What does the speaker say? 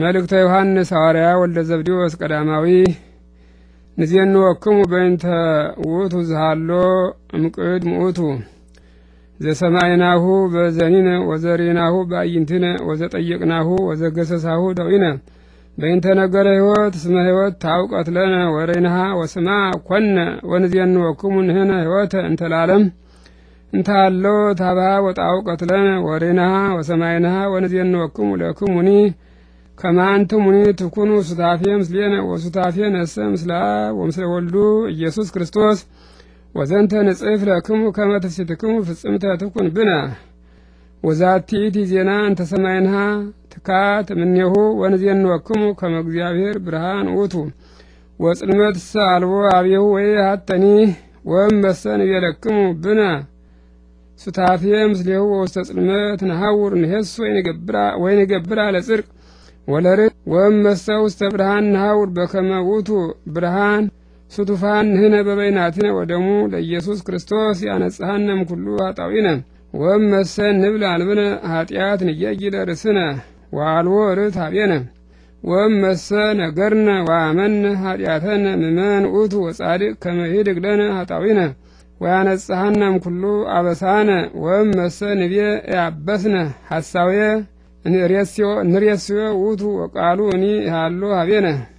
መልእክተ ዮሐንስ ሐዋርያ ወልደ ዘብዴዎስ ቀዳማዊ ንዜኑ ወክሙ በእንተ ውእቱ ዝሃሎ እምቅድ ምዑቱ ዘሰማይናሁ በዘኒነ ወዘሪናሁ በአይንትነ ወዘጠየቅናሁ ወዘገሰሳሁ ደዊነ በእንተ ነገረ ሕይወት ስመ ሕይወት ታውቀት ለነ ወረይንሃ ወስማ ኮነ ወንዜኑ ወክሙ ንህነ ሕይወተ እንተ ላለም እንታሃሎ ታብሃ ወጣውቀት ለነ ወረይንሃ ወሰማይናሃ ወንዜኑ ወክሙ ለክሙኒ ከማንቱ ሙኒት ኩኑ ሱታፌ ምስሌነ ወሱታፌ ነሰ ምስላ ወምስለ ወልዱ ኢየሱስ ክርስቶስ ወዘንተ ንጽሕፍ ለክሙ ከመ ትፍሥሕትክሙ ፍጽምተ ትኩን ብነ ወዛቲ ይእቲ ዜና እንተ ሰማይንሃ ትካት እምኔሁ ወንዜንወክሙ ከመ እግዚአብሔር ብርሃን ውእቱ ወጽልመት ሰአልቦ አብየሁ ወይሃተኒ ወእመሰ ንቤለክሙ ብነ ሱታፌ ምስሌሁ ወውስተ ጽልመት ነሐውር ንሄሱ ወይንገብራ ለጽድቅ ወለርህ ወእመሰው ውስተ ብርሃን ናውር በከመ ውእቱ ብርሃን ስቱፋን ህነ በበይናትነ ወደሙ ለኢየሱስ ክርስቶስ ያነጽሐነ እምኩሉ ኃጣውኢነ ወእመሰን ንብል አልብነ ኃጢአት ንየጊ ለርእስነ ወአልቦ ርት ኀቤነ ወእመሰ ነገርነ ወአመነ ኃጢአተነ ምእመን ውእቱ ወጻድቅ ከመ ይኅድግ ለነ ኃጣውኢነ ወያነጽሐነ እምኩሉ አበሳነ ወእመሰ ንቤ ያበስነ ሐሳውየ ንሬስዮ ውእቱ ቃሉ እኒ ሃሎ ሀቤነ